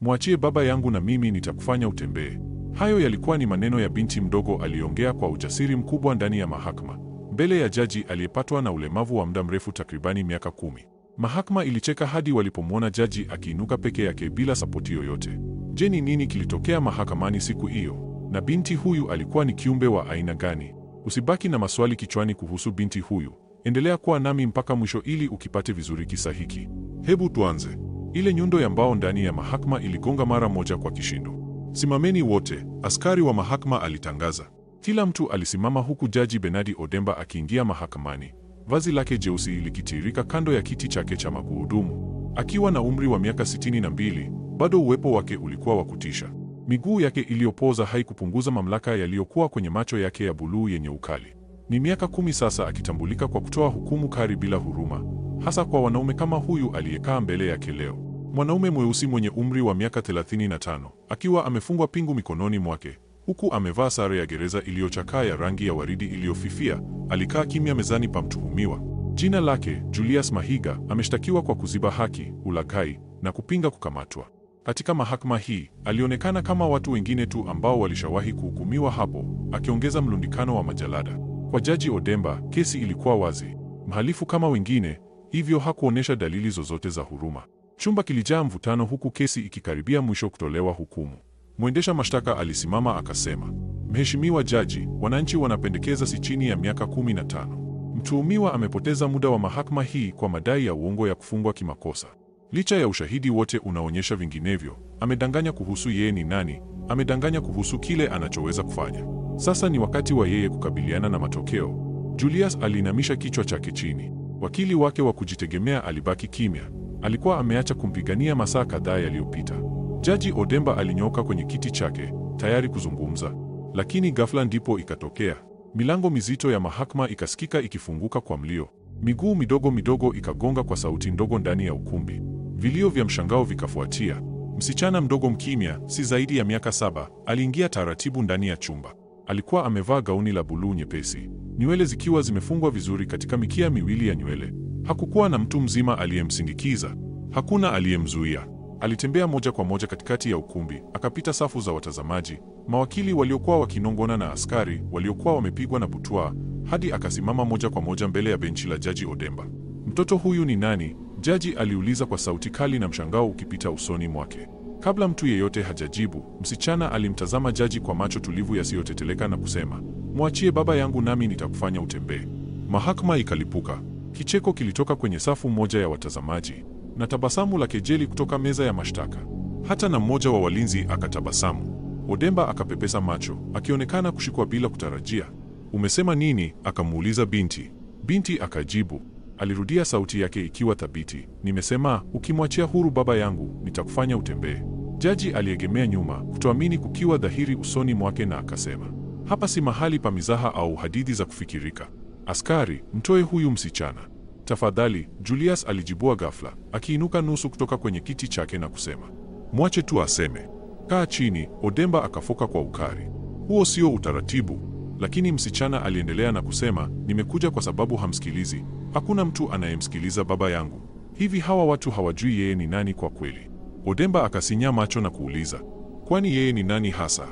Mwachie baba yangu na mimi nitakufanya utembee. Hayo yalikuwa ni maneno ya binti mdogo aliongea kwa ujasiri mkubwa ndani ya mahakama, mbele ya jaji aliyepatwa na ulemavu wa muda mrefu takribani miaka kumi. Mahakama ilicheka hadi walipomwona jaji akiinuka peke yake bila sapoti yoyote. Je, ni nini kilitokea mahakamani siku hiyo? Na binti huyu alikuwa ni kiumbe wa aina gani? Usibaki na maswali kichwani kuhusu binti huyu. Endelea kuwa nami mpaka mwisho ili ukipate vizuri kisa hiki. Hebu tuanze. Ile nyundo ya mbao ndani ya mahakama iligonga mara moja kwa kishindo. Simameni wote, askari wa mahakama alitangaza. Kila mtu alisimama huku Jaji Benadi Odemba akiingia mahakamani, vazi lake jeusi likitirika kando ya kiti chake cha magurudumu. Akiwa na umri wa miaka sitini na mbili, bado uwepo wake ulikuwa wa kutisha. Miguu yake iliyopoza haikupunguza mamlaka yaliyokuwa kwenye macho yake ya buluu yenye ukali. Ni miaka kumi sasa akitambulika kwa kutoa hukumu kali bila huruma, hasa kwa wanaume kama huyu aliyekaa mbele yake leo mwanaume mweusi mwenye umri wa miaka 35 akiwa amefungwa pingu mikononi mwake huku amevaa sare ya gereza iliyochakaa ya rangi ya waridi iliyofifia. Alikaa kimya mezani pa mtuhumiwa. Jina lake Julius Mahiga ameshtakiwa kwa kuziba haki, ulaghai na kupinga kukamatwa. Katika mahakama hii alionekana kama watu wengine tu ambao walishawahi kuhukumiwa hapo, akiongeza mlundikano wa majalada. Kwa Jaji Odemba, kesi ilikuwa wazi. Mhalifu kama wengine, hivyo hakuonesha dalili zozote za huruma. Chumba kilijaa mvutano, huku kesi ikikaribia mwisho kutolewa hukumu. Mwendesha mashtaka alisimama akasema, Mheshimiwa Jaji, wananchi wanapendekeza si chini ya miaka 15. Mtuhumiwa amepoteza muda wa mahakama hii kwa madai ya uongo ya kufungwa kimakosa. Licha ya ushahidi wote unaonyesha vinginevyo, amedanganya kuhusu yeye ni nani, amedanganya kuhusu kile anachoweza kufanya. Sasa ni wakati wa yeye kukabiliana na matokeo. Julius aliinamisha kichwa chake chini. Wakili wake wa kujitegemea alibaki kimya alikuwa ameacha kumpigania masaa kadhaa yaliyopita. Jaji Odemba alinyoka kwenye kiti chake tayari kuzungumza, lakini ghafla ndipo ikatokea. Milango mizito ya mahakama ikasikika ikifunguka kwa mlio, miguu midogo midogo ikagonga kwa sauti ndogo ndani ya ukumbi, vilio vya mshangao vikafuatia. Msichana mdogo mkimya, si zaidi ya miaka saba, aliingia taratibu ndani ya chumba. Alikuwa amevaa gauni la buluu nyepesi, nywele zikiwa zimefungwa vizuri katika mikia miwili ya nywele. Hakukuwa na mtu mzima aliyemsindikiza, hakuna aliyemzuia. Alitembea moja kwa moja katikati ya ukumbi, akapita safu za watazamaji, mawakili waliokuwa wakinongona na askari waliokuwa wamepigwa na butwa hadi akasimama moja kwa moja mbele ya benchi la Jaji Odemba. Mtoto huyu ni nani? Jaji aliuliza kwa sauti kali na mshangao ukipita usoni mwake. Kabla mtu yeyote hajajibu, msichana alimtazama jaji kwa macho tulivu yasiyoteteleka na kusema, mwachie baba yangu nami nitakufanya utembee. Mahakama ikalipuka. Kicheko kilitoka kwenye safu moja ya watazamaji na tabasamu la kejeli kutoka meza ya mashtaka. Hata na mmoja wa walinzi akatabasamu. Odemba akapepesa macho, akionekana kushikwa bila kutarajia. Umesema nini? akamuuliza binti. Binti akajibu, alirudia sauti yake ikiwa thabiti, nimesema ukimwachia huru baba yangu nitakufanya utembee. Jaji aliegemea nyuma, kutoamini kukiwa dhahiri usoni mwake, na akasema, hapa si mahali pa mizaha au hadithi za kufikirika. Askari, mtoe huyu msichana tafadhali, Julius alijibua ghafla, akiinuka nusu kutoka kwenye kiti chake na kusema, mwache tu aseme. Kaa chini. Odemba akafoka kwa ukali, huo sio utaratibu. Lakini msichana aliendelea na kusema, nimekuja kwa sababu hamsikilizi. Hakuna mtu anayemsikiliza baba yangu. Hivi hawa watu hawajui yeye ni nani kwa kweli? Odemba akasinya macho na kuuliza, kwani yeye ni nani hasa?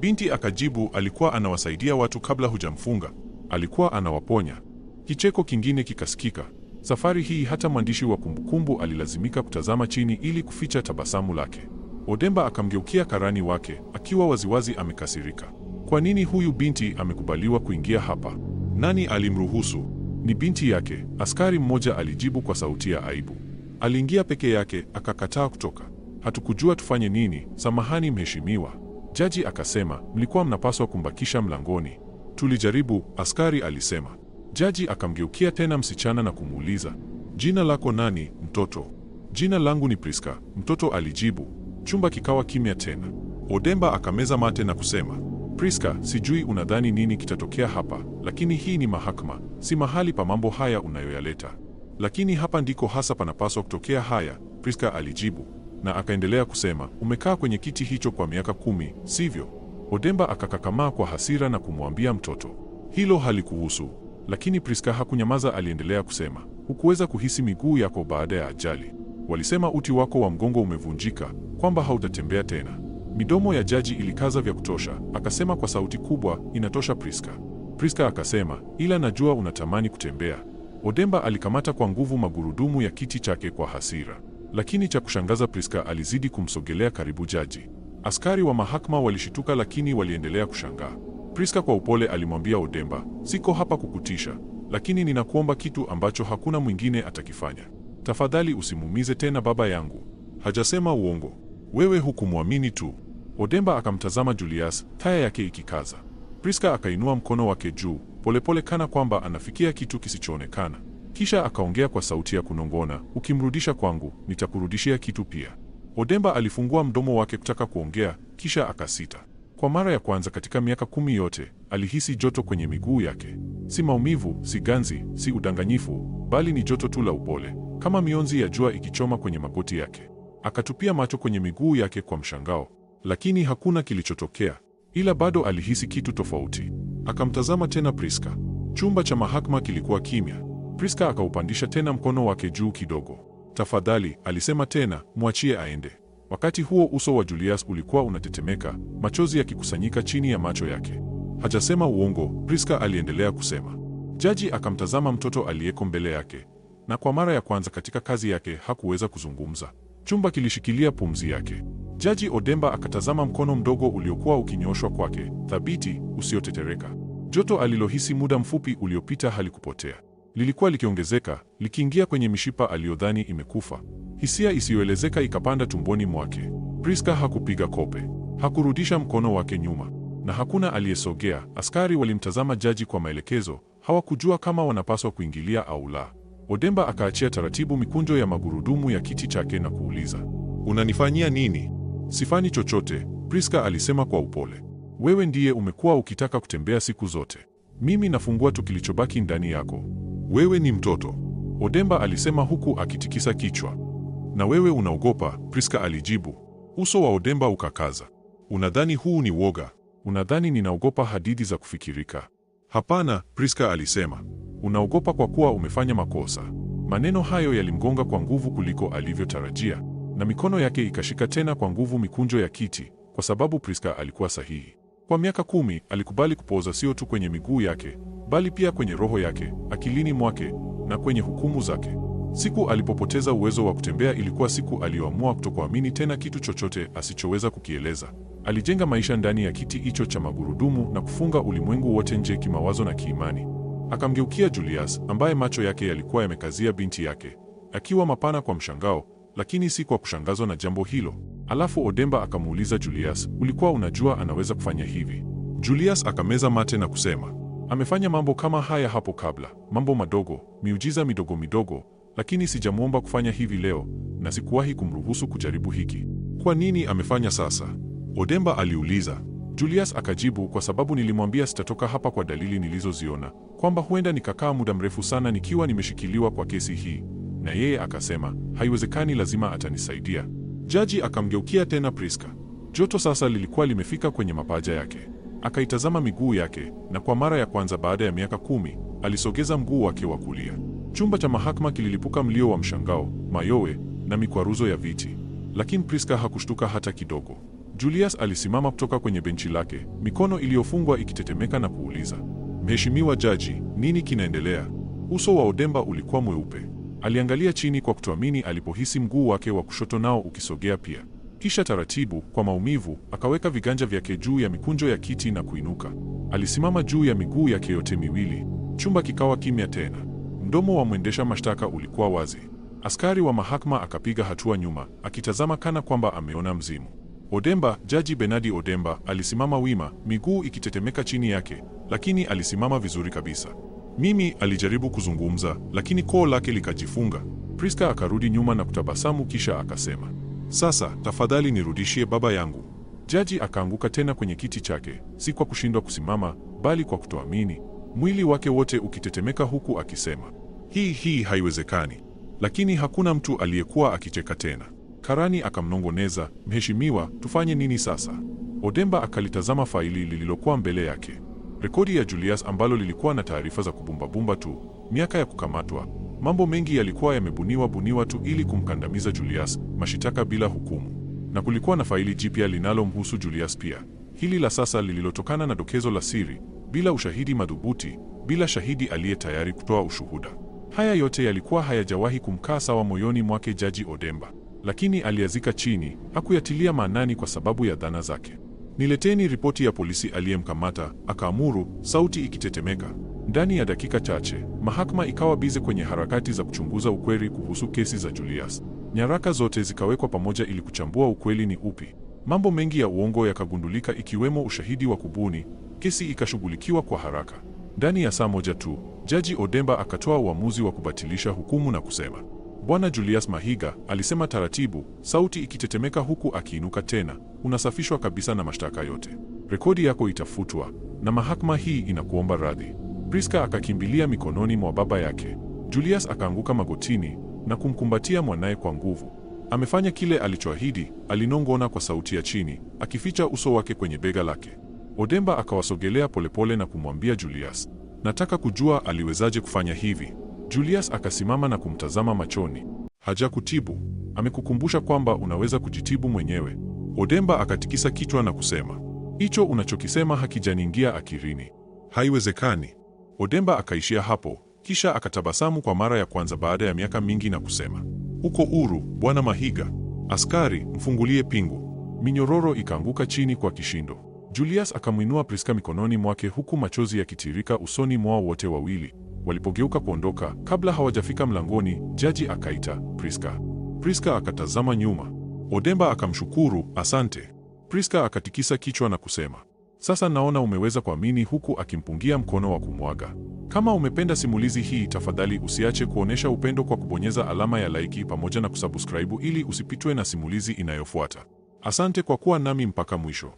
Binti akajibu, alikuwa anawasaidia watu kabla hujamfunga alikuwa anawaponya. Kicheko kingine kikasikika. Safari hii hata mwandishi wa kumbukumbu alilazimika kutazama chini ili kuficha tabasamu lake. Odemba akamgeukia karani wake akiwa waziwazi amekasirika. Kwa nini huyu binti amekubaliwa kuingia hapa? Nani alimruhusu? Ni binti yake, askari mmoja alijibu kwa sauti ya aibu. Aliingia peke yake, akakataa kutoka. Hatukujua tufanye nini, samahani mheshimiwa. Jaji akasema, mlikuwa mnapaswa kumbakisha mlangoni. Tulijaribu, askari alisema. Jaji akamgeukia tena msichana na kumuuliza, jina lako nani, mtoto? Jina langu ni Priska, mtoto alijibu. Chumba kikawa kimya tena. Odemba akameza mate na kusema, Priska, sijui unadhani nini kitatokea hapa, lakini hii ni mahakama, si mahali pa mambo haya unayoyaleta. Lakini hapa ndiko hasa panapaswa kutokea haya, Priska alijibu, na akaendelea kusema, umekaa kwenye kiti hicho kwa miaka kumi, sivyo? Odemba akakakamaa kwa hasira na kumwambia mtoto, hilo halikuhusu. Lakini Priska hakunyamaza, aliendelea kusema, hukuweza kuhisi miguu yako baada ya ajali. Walisema uti wako wa mgongo umevunjika, kwamba hautatembea tena. Midomo ya jaji ilikaza vya kutosha, akasema kwa sauti kubwa, inatosha Priska. Priska akasema, ila najua unatamani kutembea. Odemba alikamata kwa nguvu magurudumu ya kiti chake kwa hasira, lakini cha kushangaza Priska alizidi kumsogelea karibu jaji. Askari wa mahakama walishituka, lakini waliendelea kushangaa. Priska kwa upole alimwambia Odemba, siko hapa kukutisha, lakini ninakuomba kitu ambacho hakuna mwingine atakifanya. Tafadhali usimuumize tena baba yangu. Hajasema uongo, wewe hukumwamini tu. Odemba akamtazama Julius, taya yake ikikaza. Priska akainua mkono wake juu polepole, kana kwamba anafikia kitu kisichoonekana, kisha akaongea kwa sauti ya kunong'ona, ukimrudisha kwangu, nitakurudishia kitu pia. Odemba alifungua mdomo wake kutaka kuongea, kisha akasita. Kwa mara ya kwanza katika miaka kumi yote, alihisi joto kwenye miguu yake. Si maumivu, si ganzi, si udanganyifu, bali ni joto tu la upole, kama mionzi ya jua ikichoma kwenye magoti yake. Akatupia macho kwenye miguu yake kwa mshangao, lakini hakuna kilichotokea. Ila bado alihisi kitu tofauti. Akamtazama tena Priska. Chumba cha mahakama kilikuwa kimya. Priska akaupandisha tena mkono wake juu kidogo. Tafadhali, alisema tena, mwachie aende. Wakati huo uso wa Julius ulikuwa unatetemeka, machozi yakikusanyika chini ya macho yake. Hajasema uongo, Priska aliendelea kusema. Jaji akamtazama mtoto aliyeko mbele yake, na kwa mara ya kwanza katika kazi yake hakuweza kuzungumza. Chumba kilishikilia pumzi yake. Jaji Odemba akatazama mkono mdogo uliokuwa ukinyoshwa kwake, thabiti, usiotetereka. Joto alilohisi muda mfupi uliopita halikupotea lilikuwa likiongezeka, likiingia kwenye mishipa aliyodhani imekufa. Hisia isiyoelezeka ikapanda tumboni mwake. Priska hakupiga kope, hakurudisha mkono wake nyuma, na hakuna aliyesogea. Askari walimtazama jaji kwa maelekezo, hawakujua kama wanapaswa kuingilia au la. Odemba akaachia taratibu mikunjo ya magurudumu ya kiti chake na kuuliza, unanifanyia nini? sifani chochote, Priska alisema kwa upole. Wewe ndiye umekuwa ukitaka kutembea siku zote. Mimi nafungua tu kilichobaki ndani yako wewe ni mtoto, Odemba alisema huku akitikisa kichwa. Na wewe unaogopa, Priska alijibu. Uso wa Odemba ukakaza. Unadhani huu ni woga? Unadhani ninaogopa hadithi za kufikirika? Hapana, Priska alisema. Unaogopa kwa kuwa umefanya makosa. Maneno hayo yalimgonga kwa nguvu kuliko alivyotarajia, na mikono yake ikashika tena kwa nguvu mikunjo ya kiti, kwa sababu Priska alikuwa sahihi. Kwa miaka kumi alikubali kupooza sio tu kwenye miguu yake, bali pia kwenye roho yake, akilini mwake na kwenye hukumu zake. Siku alipopoteza uwezo wa kutembea ilikuwa siku aliyoamua kutokuamini tena kitu chochote asichoweza kukieleza. Alijenga maisha ndani ya kiti hicho cha magurudumu na kufunga ulimwengu wote nje kimawazo na kiimani. Akamgeukia Julius ambaye macho yake yalikuwa yamekazia binti yake, akiwa mapana kwa mshangao, lakini si kwa kushangazwa na jambo hilo. Alafu Odemba akamuuliza Julius, ulikuwa unajua anaweza kufanya hivi? Julius akameza mate na kusema Amefanya mambo kama haya hapo kabla, mambo madogo, miujiza midogo midogo, lakini sijamwomba kufanya hivi leo na sikuwahi kumruhusu kujaribu hiki. Kwa nini amefanya sasa? Odemba aliuliza. Julius akajibu, kwa sababu nilimwambia sitatoka hapa kwa dalili nilizoziona, kwamba huenda nikakaa muda mrefu sana nikiwa nimeshikiliwa kwa kesi hii. Na yeye akasema, haiwezekani, lazima atanisaidia. Jaji akamgeukia tena Priska. Joto sasa lilikuwa limefika kwenye mapaja yake. Akaitazama miguu yake na kwa mara ya kwanza baada ya miaka kumi alisogeza mguu wake wa kulia. Chumba cha mahakama kililipuka mlio wa mshangao, mayowe na mikwaruzo ya viti, lakini Priska hakushtuka hata kidogo. Julius alisimama kutoka kwenye benchi lake, mikono iliyofungwa ikitetemeka na kuuliza, Mheshimiwa Jaji, nini kinaendelea? Uso wa Odemba ulikuwa mweupe. Aliangalia chini kwa kutoamini alipohisi mguu wake wa kushoto nao ukisogea pia. Kisha taratibu, kwa maumivu, akaweka viganja vyake juu ya mikunjo ya kiti na kuinuka. Alisimama juu ya miguu yake yote miwili. Chumba kikawa kimya tena. Mdomo wa mwendesha mashtaka ulikuwa wazi. Askari wa mahakama akapiga hatua nyuma, akitazama kana kwamba ameona mzimu. Odemba, Jaji Benadi Odemba, alisimama wima, miguu ikitetemeka chini yake, lakini alisimama vizuri kabisa. Mimi alijaribu kuzungumza, lakini koo lake likajifunga. Priska akarudi nyuma na kutabasamu kisha akasema: sasa tafadhali nirudishie baba yangu. Jaji akaanguka tena kwenye kiti chake, si kwa kushindwa kusimama, bali kwa kutoamini, mwili wake wote ukitetemeka, huku akisema hii hii haiwezekani. Lakini hakuna mtu aliyekuwa akicheka tena. Karani akamnongoneza, Mheshimiwa, tufanye nini sasa? Odemba akalitazama faili lililokuwa mbele yake, rekodi ya Julius ambalo lilikuwa na taarifa za kubumbabumba tu, miaka ya kukamatwa Mambo mengi yalikuwa yamebuniwa buniwa tu ili kumkandamiza Julius, mashitaka bila hukumu. Na kulikuwa na faili jipya linalomhusu Julius pia, hili la sasa lililotokana na dokezo la siri, bila ushahidi madhubuti, bila shahidi aliye tayari kutoa ushuhuda. Haya yote yalikuwa hayajawahi kumkaa sawa moyoni mwake Jaji Odemba, lakini aliazika chini, hakuyatilia maanani kwa sababu ya dhana zake. Nileteni ripoti ya polisi aliyemkamata, akaamuru, sauti ikitetemeka. Ndani ya dakika chache, mahakama ikawa bize kwenye harakati za kuchunguza ukweli kuhusu kesi za Julius. Nyaraka zote zikawekwa pamoja ili kuchambua ukweli ni upi. Mambo mengi ya uongo yakagundulika, ikiwemo ushahidi wa kubuni. Kesi ikashughulikiwa kwa haraka. Ndani ya saa moja tu, Jaji Odemba akatoa uamuzi wa kubatilisha hukumu na kusema, Bwana Julius Mahiga, alisema taratibu, sauti ikitetemeka huku akiinuka tena, unasafishwa kabisa na mashtaka yote. Rekodi yako itafutwa na mahakama hii inakuomba radhi. Priska akakimbilia mikononi mwa baba yake. Julius akaanguka magotini na kumkumbatia mwanaye kwa nguvu. Amefanya kile alichoahidi, alinong'ona kwa sauti ya chini, akificha uso wake kwenye bega lake. Odemba akawasogelea polepole na kumwambia Julius, nataka kujua aliwezaje kufanya hivi. Julius akasimama na kumtazama machoni. Hajakutibu, amekukumbusha kwamba unaweza kujitibu mwenyewe. Odemba akatikisa kichwa na kusema, hicho unachokisema hakijaniingia akilini, haiwezekani. Odemba akaishia hapo, kisha akatabasamu kwa mara ya kwanza baada ya miaka mingi na kusema, uko huru bwana Mahiga, askari mfungulie pingu. Minyororo ikaanguka chini kwa kishindo. Julius akamwinua Priska mikononi mwake huku machozi yakitirika usoni mwao wote wawili. Walipogeuka kuondoka, kabla hawajafika mlangoni, jaji akaita Priska. Priska akatazama nyuma. Odemba akamshukuru, asante. Priska akatikisa kichwa na kusema sasa naona umeweza kuamini, huku akimpungia mkono wa kumwaga. Kama umependa simulizi hii, tafadhali usiache kuonesha upendo kwa kubonyeza alama ya laiki pamoja na kusubscribe ili usipitwe na simulizi inayofuata. Asante kwa kuwa nami mpaka mwisho.